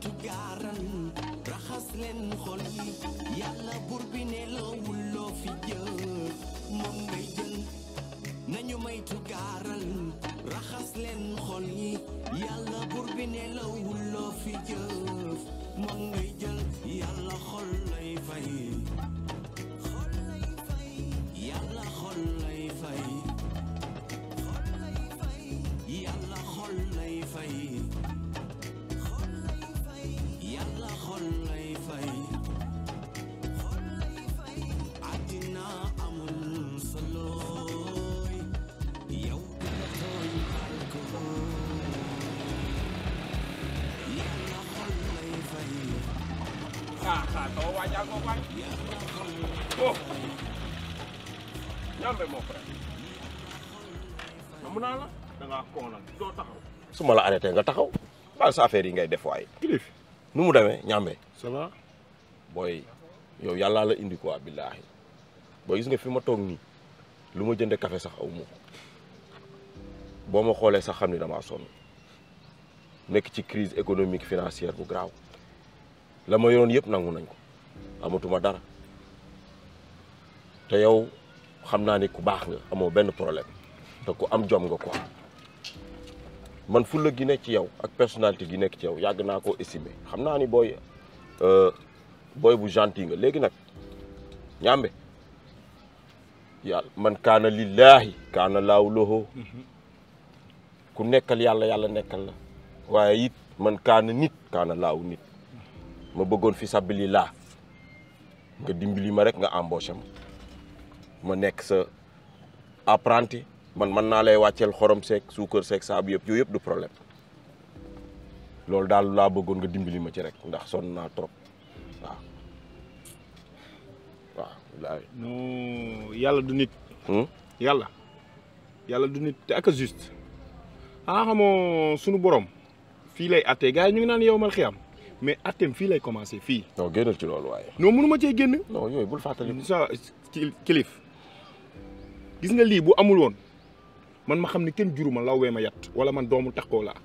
moytu gaaran raxas leen xol yi yàlla xaar xaar waay su ma la arrêté nga taxaw. baal sa affaire yi ngay def waay. kilif nu mu demee ñaambe. ça booy yow yàllaa la indi quoi billaahi booy gis nga fi ma toog nii lu ma jënd kafe sax aw ma boo ma xoolee sax xam ni damaa sonn nekk ci crise économique financière bu graaw. la ma yoroon yëpp nangu nañ ko amatuma dara te yow xam naa ni ku baax nga amoo benn problème te ku am jom nga quoi man fulla gi nekk ci yow ak personnalité gi nekk ci yow yàgg naa ko estimer xam naa ni booy euh, booy bu gentil nga léegi nag ñaambe yàlla man kaana lillaahi kaana laaw loxo mhm. ku nekkal yàlla yàlla nekkal na waaye it man kaana nit kaana laaw nit ma bëggoon fi sabili laa nga dimbali ma rek nga embauché ma ma nekk sa apprenti man mën naa lay wàcceel xorom seeg suukar seeg saabu yëpp yooyu yëpp du problème loolu daal laa bëggoon nga dimbali ma ci rek ndax son naa trop waaw waaw. non yàlla du nit. Hmm? yàlla yàlla du nit te ak a juste ah xamoo sunu borom fii lay attee gars yi ñu ngi naan yow mal xiyam. mais atteem fii lay commencé fii. non génnal ci loolu waaye. non mënu ma cee génn. non yooyu bul fàttali. sa mm, kilif gis nga lii bu amul woon man ma xam ne kenn juruma lawwee ma yat wala man doomu takkoo laa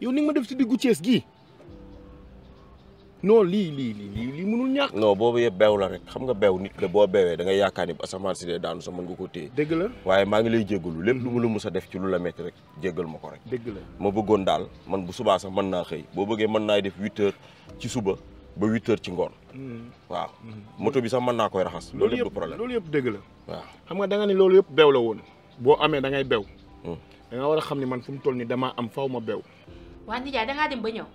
yow ni ma def si diggu Cees gii. non lii lii lii lii mënul ñàkk. non boobu yëpp beew la rek xam nga beew nit la boo beewee da yaakaar ni asamaan si dee daanu sa mën nga ko téye. dëgg la waaye ngi lay jéggalu lépp lu ma la mës a def ci lu rek jéggal ma ko rek. dëgg la ma bëggoon daal man subaa sax mën naa xëy boo bëggee mën naa def huit heures ci suba ba huit heures ci ngoon. Hmm. waaw hmm. moto bi sax mën naa koy raxas. loolu yëpp problème loolu yëpp dëgg la. waaw xam nga da ni loolu yëpp beew la woon boo amee da beew. Hmm. da nga war a xam ni man fu mu toll nii damaa am faw ma beew. waa Ndiaye da dem ba ñëw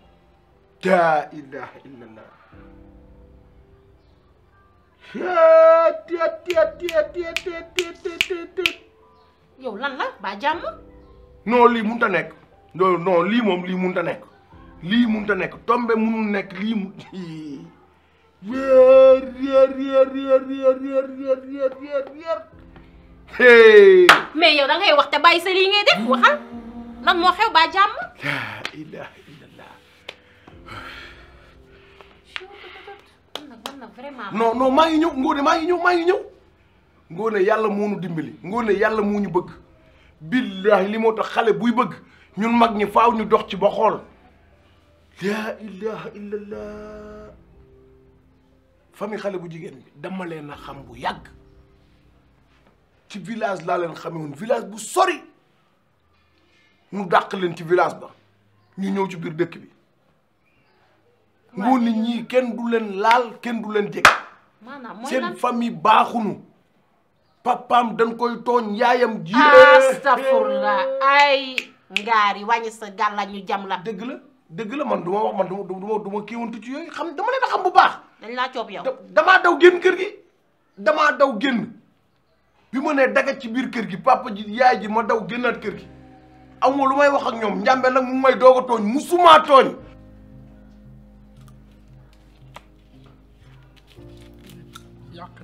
laa ilaha illallah yow lan la ba jàmm non lii mënut nekk non lii moom lii munta nekk lii mënut nekk tombe mënul nekk lii mu yéer yéer yéer yéer yéer mais yow da ngay wax te sa lii ngay def waxal lan moo xew ba jàmm non non maa ngi ñëw Ngoné maa ngi ñëw maa ngi ñëw Ngoné yàlla moo ñu dimbali Ngoné yàlla moo ñu bëgg billahi li moo tax xale buy bëgg ñun mag ñi faw ñu dox ci ba xool laa ilaha illallah famille xale bu jigéen bi dama leen a xam bu yàgg ci village laa leen xamee woon village bu sori ñu dàq leen ci village ba ñu ñëw ci biir dëkk bi moo nit ñi kenn du leen laal kenn du leen jege seen famille baaxunu papaam dañ koy tooñ yaayam ji astafurla ay ngaari wàññi sa gàlla ñu jam la dëgg la dëgg la man du ma wax man du ma du ma kéewantu ci yooyu xam dama leen bu baax dañ laa coob yow damaa daw génn kër gi damaa daw génn bi ma nee daga ci biir kër gi papa ji yaay ji ma daw génnaat kër gi amul lu may wax ak ñoom njàmbe nag mu may doog a tooñ musuma tooñ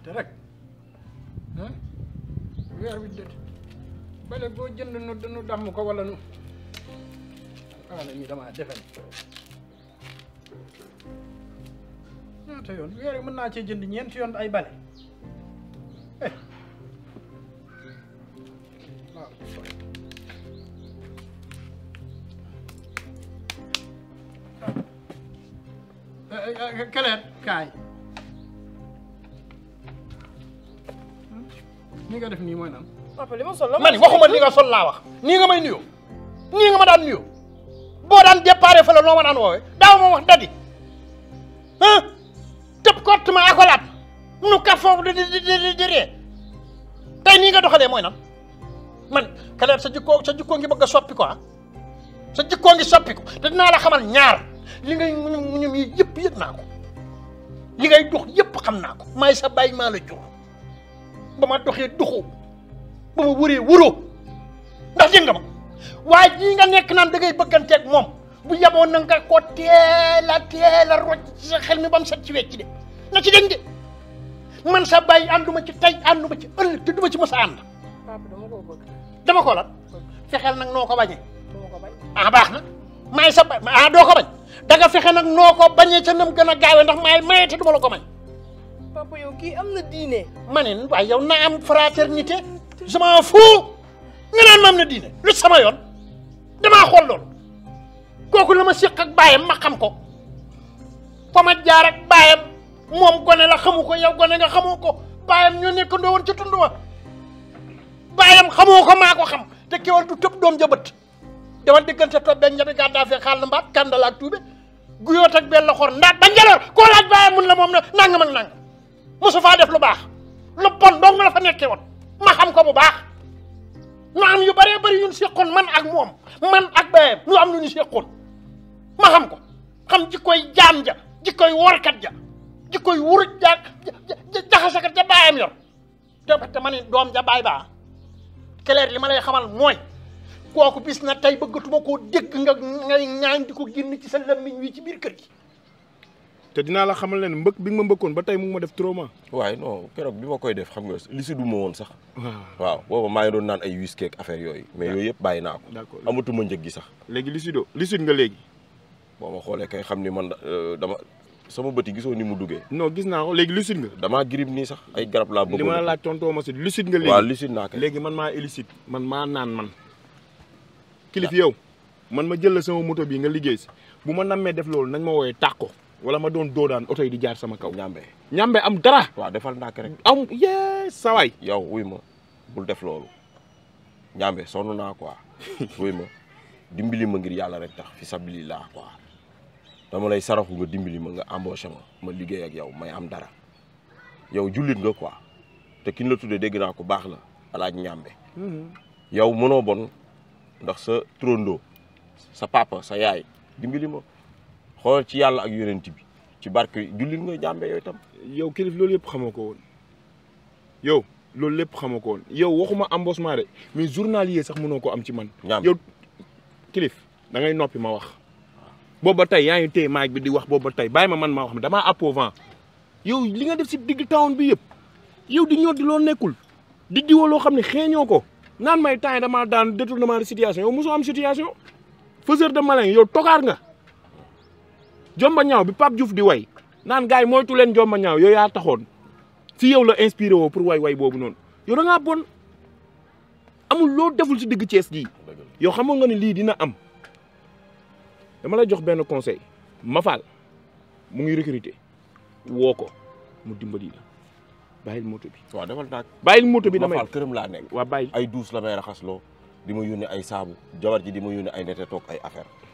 yokkute weer wi dët bale boo jënd nu nu damm ko wala nu xanaa ah, na damaa defen ñaata yoon weer wi mën naa ci jënd ñeenti yoon ay bale eh. waaw keleet eh, eh, kaay ni nga def nii mooy lan. papa li ma sol la ma ni waxuma li nga sol laa wax nii nga may nuyoo nii nga ma daan nuyoo boo daan déparé fa la noo ma daan woowee daaw ma wax dadi ah tëb kott ma akolaat nu kat foofu di di di di ree tey nii nga doxalee mooy lan man kaleer sa jikkoo sa jikkoo ngi bëgg a soppi ko ah sa jikkoo ngi soppi ko te dinaa la xamal ñaar li ngay muñum muñum yi yëpp yëg li ngay dox sa la bama doxé doxee duxu ba ma wëree ndax dégg nga ma waaye nga nek nan dagay ngay ak mom bu yaboon na nga ko teel a teel rocc ci xel mi set ci wécc dé na ci dëng de man sa bay anduma ci tay anduma ci ëll te duma ci mësa and papa dama ko bëgg. dama ko lan fexeel ah bax na may sa bay ah do ko bañ da nga fexe nag noo ko bañee nam gëna gaawé ndax may mayé té duma la ko bañ papa yow am na diine. manen ne nam yow na am fraternité je m'en fous nga am na diine lu sama yon damaa xool loolu kooku la ma séq ak baayam ma xam ko fa ma jaar ak baayam moom gone la xamu ko yow gone nga xamoo ko baayam ñoo nekkandoo woon ca tund wa baayam xamoo xam te kewal du tëb doom jabët dawal diggante toog benn ñebe gàddaa fee xaal na mbaat tuube ak xor laaj mun la na nangam ak nangam mosu faa def lu baax lu bon dong la fa nekkee woon ma xam ko bu baax ñu am yu bëree bari yu ñu seqoon man ak moom man ak baayam ñu am lu ñu seqoon ma xam ko xam jikkoy jaam ja jikkoy workat ja jikkoy wuruj ja jaxasakat ja baayam yor te ma ni doom ja baay baa clair li ma lay xamal mooy kooku bis na tey bëggatuma koo dégg nga ngay ñaan di ko génn ci sa làmmiñ wi ci biir kër gi té dina la xamal né mbëkk bi nga ma ba tay mu ma def trauma. way non kérok bima koy def xam nga li ci duma won sax. waaw booba maa ngi doon nan ay whisky ak affaire yoy mais yoy yep bayina ko. amatu ma njëg gi sax. légui li ci do li ci nga légui bama xolé kay xamni man euh, dama sama bët yi gisoo ni mu duggé non gis na ko léegi lucide nga. dama grip ni sax ay garap la bëgg. li la tonto tontoo ma si lucide nga légui waaw lucide na kay légui man ma illicide. man ma nan man. kilif ya. yow man ma jël sama moto bi nga liggéey ci buma namé def lool nañ ma woyé takko wala ma doon doodaan oto yi di jaar sama kaw. ñambe ñambe am dara. waa defal ndànk rek am yee sawaay. yow wuy ma bul def loolu ñambe sonn naa quoi wuy ma dimbali ngir yàlla rek tax fi sabili laa dama lay saraxu nga dimbali ma nga embauché ma ma liggéey ak yow may am dara yow jullit nga quoi te kin ñu la tuddee dégg naa ko baax la alaaj ñambe mm-hmm. yow mënoo bon ndax sa trondo sa papa sa yaay dimbali xool ci yàlla ak yonent bi ci barke jullit nga jàmbe yooyu tam. yow kilif loolu yëpp xamoo ko woon yow loolu lépp xamoo ko woon yow waxuma embauchement de mais journalier sax mënoo ko am ci man. yow kilif da ngay noppi ma wax. boobu ba tey yaa ngi téye maag bi di wax boobu ba tey bàyyi ma man maa wax damaa appauvant yow li nga def si digg town bi yëpp yow di ñor di loo nekkul di diwa loo xam ne xeeñoo ko naan may temps yi damaa daan détournement de situation yow mosoo am situation faiseur de malin yow togaar nga. jomba ñaaw bi Pape Diouf di way naan gars yi moytu leen jomba ñaaw yow a taxoon si yow la inspiré woo pour way way boobu noonu yow da ngaa bon amul loo deful si digg cees gii yow xamoon nga ne lii dina am dama la jox benn conseil Mafal mu ngi recruter woo ko mu dimbali la bàyyil moto bi. waaw defal naag bàyyil moto bi damay Mafal këram laa nekk. waaw bàyyi ay douche la may raxasloo di ma yónnee ay saabu jabar ji di ma yónnee ay nete ay affaire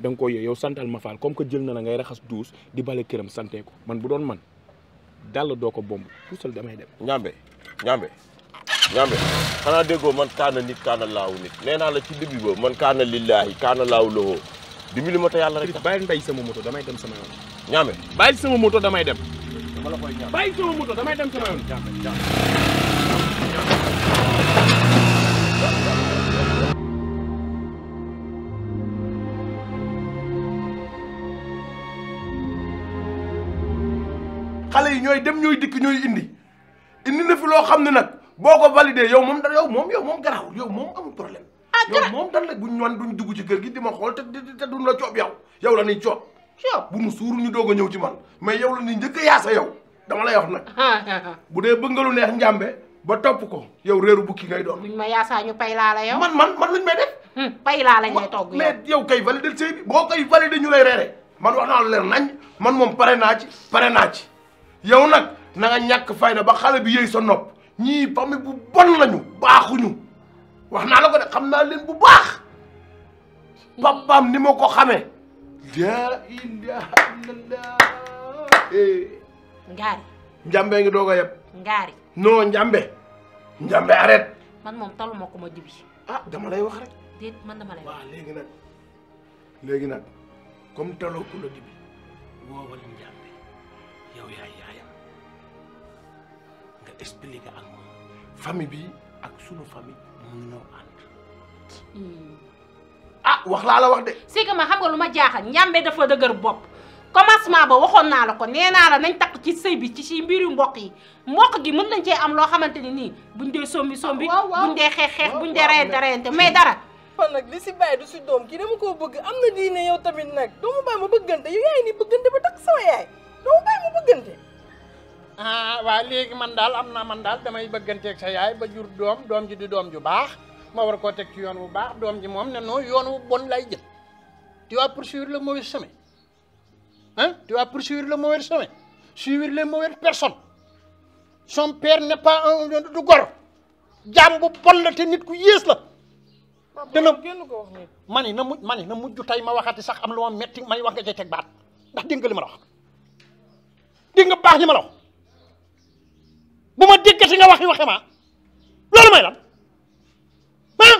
da nga ko yow santal ma comme que jël na la ngay raxas duus di bale këram santee ko man bu doon man dàll doo ko bomb puusal damay dem ñambe ñambe ñambe xanaa déggoo man kaana nit kaana laaw nit nee naa la ci début boobu man kaana lillaahi kaana laaw lowoo di ma te yàlla rek bàyyi mbay sama moto damay dem sama yoon ñambe bàyyi sama moto damay dem la koy ñaan bàyyi sama moto damay xale yi ñooy dem ñooy dikk ñooy indi indi na fi loo xam ne nag boo ko validé yow moom da yow moom yow moom garaawul yow moom amul problème ah, yow moom dan la buñ ñoon duñ dugg ci kër gi di ma xool te te duñ la coob yow yow la niy coob bu nu suur ñu doog a ñëw ci man mais yow la niy njëkk a yaasa yow dama lay wax nag ah. bu dee bëgg nga lu neex njàmbe ba topp ko yow réeru bukki ngay doon buñ ma yaasaa ñu pay laa la yow man man man luñ may def hmm, pay laa la ñuy togg mais yow kay validé sëy bi boo koy validé ñu lay reere man wax naa lu leer nañ man moom pare naa ci pare naa ci yow nak na nga ñak fayda ba xalé bi yey sa nop ñi famille bu bon lañu baaxuñu wax naa la ko de xam naa leen bu baax papaam ni ma ko la ilaha illallah eh. yeb ngari non njambe njambe arrête man mom tolu mako ma jibi ah dama lay wax rek deet man dama lay wax waaw léegi nag léegi comme ko la jibi wala njambe yow ya, yaay yaayam nga expliqué ya, ak moom famille bi ak sunu famille mun ñoo ah wax laa la wax de si que ma xam nga lu jaaxal ñàmbe dafa dëgër bopp commencement ba waxoon naa la ko nee la nañ takk ci sëy bi ci si mbiru mbokk yi mbokk gi mën nañ cee am loo xamante ni buñ dee sombi sombi buñ dee xeex xeex buñ dee reyante reyante mais dara kon li du dama bëgg yow tamit ma bëggante yaay ya ni bëggante ba sama yaay doo bàyyi ah, waa léegi man daal am naa man daal damay bëgganteeg sa yaay ba jur doom doom ji di doom ju baax ma war koo teg ci yoon wu baax doom ji moom ne non yoon wu bon lay jël tu vas poursuivre le mauvais chemin ah tu vas poursuivre le mauvais chemin suivre les mauvaises personnes son père n'est pas un du gor jaam bu bon la te nit ku yées la dana ma ni na mujj ma ni na mujj tey ma waxati sax am lu ma metti may wax nga cay teg baat ndax dégg ma la dégg bax ni ma la wax bu ma nga waxi waxe ma lolou may lan ah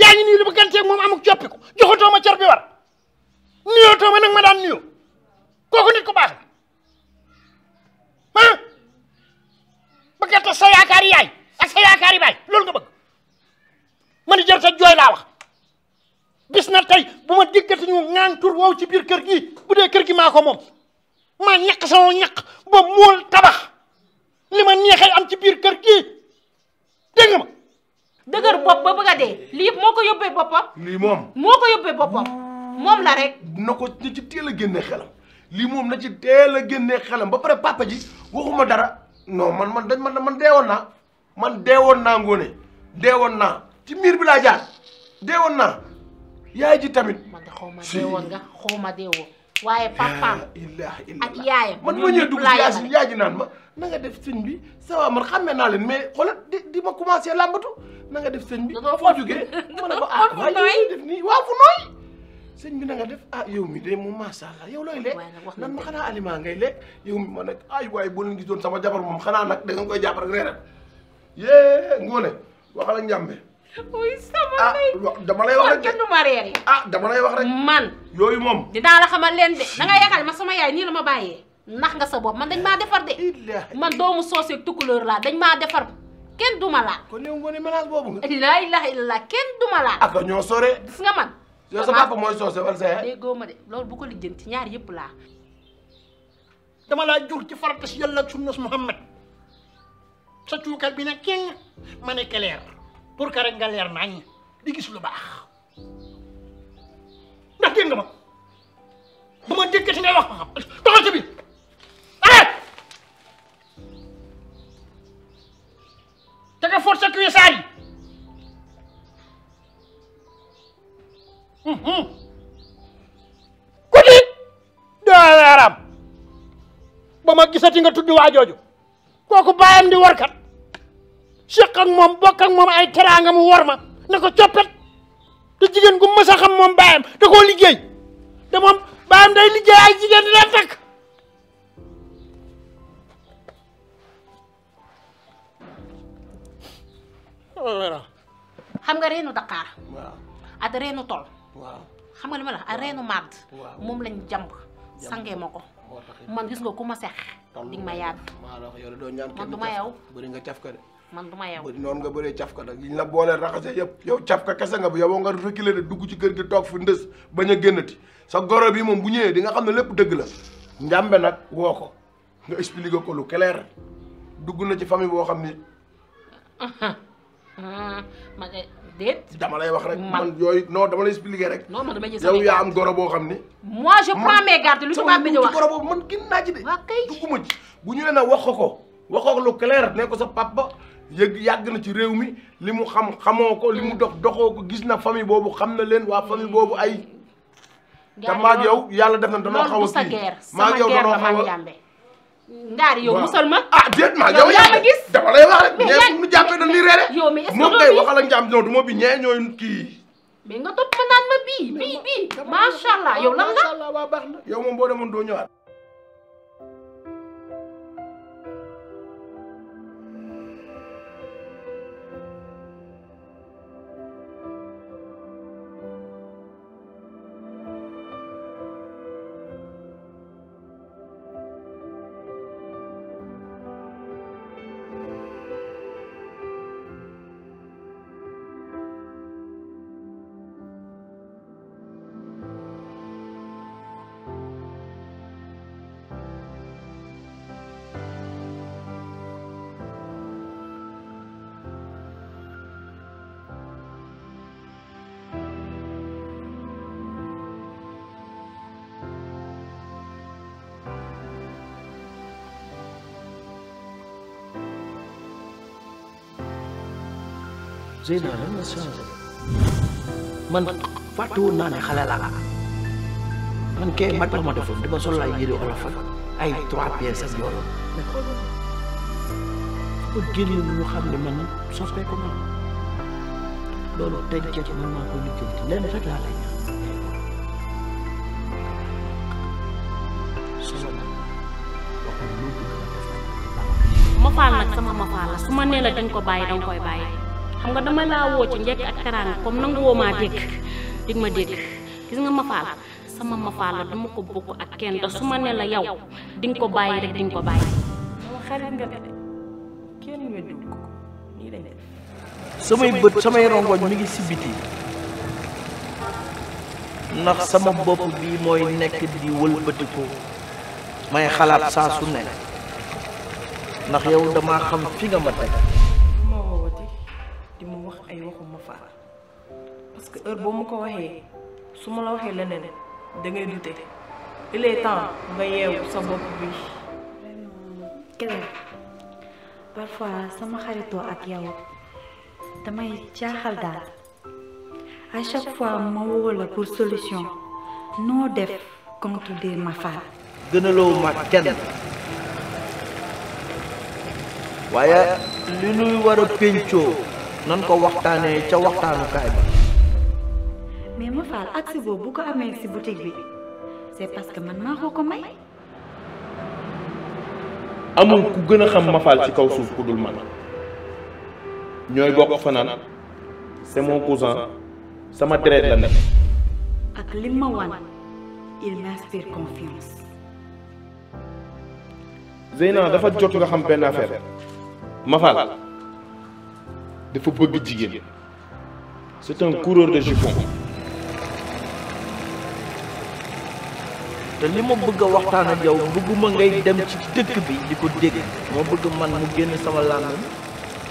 yaa ngi nii li ma ganteeg amuk coppiku joxoto ma cer bi war nuyootoo ma nak ma daan nuyoo koku nit ku bax la ah ba gerte sa yaakaar yaay ak sa yaakaar yi baay nga bëgg man jër sa joy la wax bis na tey bu ñu ŋaan tur wo ci bir kër gi bu dé kër gi mako mom maa ñàkk sama ñàkk ba mool tabax li ma neexee am ci biir kër gii dégg nga ma. dëgër bopp ba bëgg dee lii moo ko yóbbee boppam. lii moom moo ko yóbbee boppam moom la rek. na ko na ci teel a génne lii moom na ci teel a génne xelam ba pare papa ji waxuma dara non man man dañ man man deewoon naa man deewoon naa ngoone deewoon naa ci miir bi laa jaar deewoon naa yaay ji tamit. man de ma deewoon xaw deewoon. waaye ya ilah Iya, yaayam man ma ñëw dugg si yaay ji naan ma na nga def sëñ bi ça man mais di di ma commencé làmbatu na nga def sëñ bi foo jógee ma ne ko ah waaye yow def nii waaw fu nooy sëñ bi na nga def ah yow mi de moom macha allah yow looy nan ma xanaa ngay le yow mi ma nag ay sama jabar moom xanaa nag da nga koy jàpp rek reerat yée ngoone waxal oysa oh, ma lay dama lay wax rek kenn du ma ah dama lay wax rek man yooyu moom dinaa la xamal leen de da nga yaakaar ma sama yaay nii la ma bàyyee nax nga sa bopp man dañ maa defar de man doomu soose ak tukulóor laa dañ maa defar kenn duma laa kon yow ngoone ménage boobu nga laa ilaha illallah kenn duma laa ak ah, ñoo sore gis nga man yow sa papa mooy soose wala sa yaay déggoo ma de loolu bu ko lijjanti ñaar yëpp laa dama laa jur ci farata si yàlla ak sunnas Muhammad sa cuukal bi nag kenn ma pour que rek nga leer nañ di gis lu bax ndax dégg nga ma bu ngay wax xam ci nga force ak wisaar yi ku di dooleeram ba gisati nga tudd waa di warkat Siakang ak moom bokk ak moom ay teranga mu war nako na ko coppet te jigéen gu ma sa xam mom bayam da ko liggey da mom bayam day liggey ay jigen tak xam nga reenu Dakar reenu tol xam nga li ma reenu mad mom lañ jàmb sangé moko man gis nga ding ma ma la wax yow do ñaan ma yaw bari nga tiaf ka de man duma yow noonu nga bëree boleh raka yiñ la boole raxase ya yëpp yow cafka kese nga bu yoboo nga reculer de dugg ci kër gi toog fi ndës bañ a sa goro bi moom bu ñëwee di nga xam ne lépp dëgg la njàmbe nag woo ko nga expliquer ko lu clair dugg na ci famille hmm, ma dama lay wax rek man yooyu no dama lay expliquer rek non man dama jël yow yaa am goro boo xam moi je prends mes gardes lu tubaab bi di wax goro boobu man ci de dugguma ci bu ñu na wax lu clair ne ko sa papa yëg yàgg na ci réew mi li xam xamoko limu dox doxoko gis na fami bobu xam na len wa fami bobu ay. te maag yow yalla def na danoo xaw a kii maag yow danoo no xawu ndar yow musal ma. ah det ma yow yalla gis dama lay wax rek ñeent mu jappé dañuy ni yow mo ngay ce que moom kay waxal ak njaam non du ma bi ñee ñooy kii. mais nga topp ma naan ma bii bii ma sha allah yow lan la. yow moom bo demoon do ñewat زين أهم السابق من فاتو نانا خلالا من كي مات ما دفن دبا صلى الله يري ولا فات أي تراب بيسا بيولا وجيل ñu xamne man soppé ko man lolu tencé ci man len la lay ma faal sama ma faal la su dañ ko koy xam nga dama la wo ci njekk ak karang comme nang wo ma dégg dig ma dégg gis nga ma faal sama ma faal la dama ko bokk ak ken da suma ne la yaw ding ko bàyyi rek ding ko bàyyi xarit nga ken kenn weddul ko ni lay def samay beut samay rongo mi ngi sibiti biti ndax sama bop bi moy nek di wëlbatiku may xalaat sa su nek ndax yow dama xam fi nga ma tek di ma wax ay waxuma faar parce que heure boo ma ko waxee su ma la waxee leneen da ngay dute il est temps nga yeewu sa bopp bi keneen parfois sama xaritoo ak yow damay jaaxal daal à chaque fois ma woo la pour solution noo def comme tuddee ma gënaloo ma kenn waaye li nuy war péncoo nan ko waxtaanee ca waxtaanukaay ba. mais ma faal boobu ko amee si boutique bi c'est parce que man maa ko ko may. amul ku gën a xam ma ci kaw suuf ku dul man ñooy bokk fanaan c'est mon cousin sama deret la nekk. ak li ma wan il m'inspire confiance. Zeyna dafa jot nga xam benn affaire ma dafa bëgg jigéen c'est un coureur de te li ma bëgg a waxtaan ak yow bëgguma ngay dem ci dëkk bi di ko dégg moo bëgg man mu génn sama làmmiñ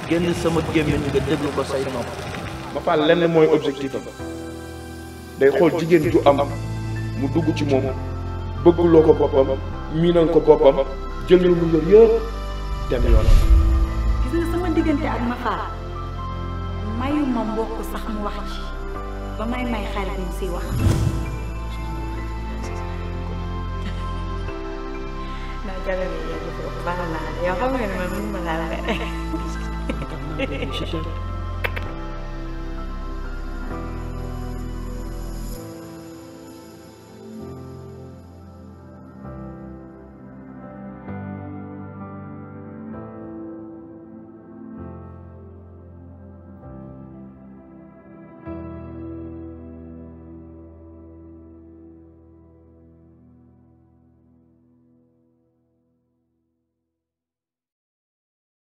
génn sama gémmiñ nga déglu ko say nopp ma fa lenn mooy objectif am day xool jigéen ju am mu dugg ci moom bëgguloo ko boppam miinal ko boppam jël lu mu yëpp dem yoon gis nga sama diggante ak ma mayuma mbokk sax mu wax ci ba may may xarit mu si wax naa jàllale yow xam nga ne man mënuma laa la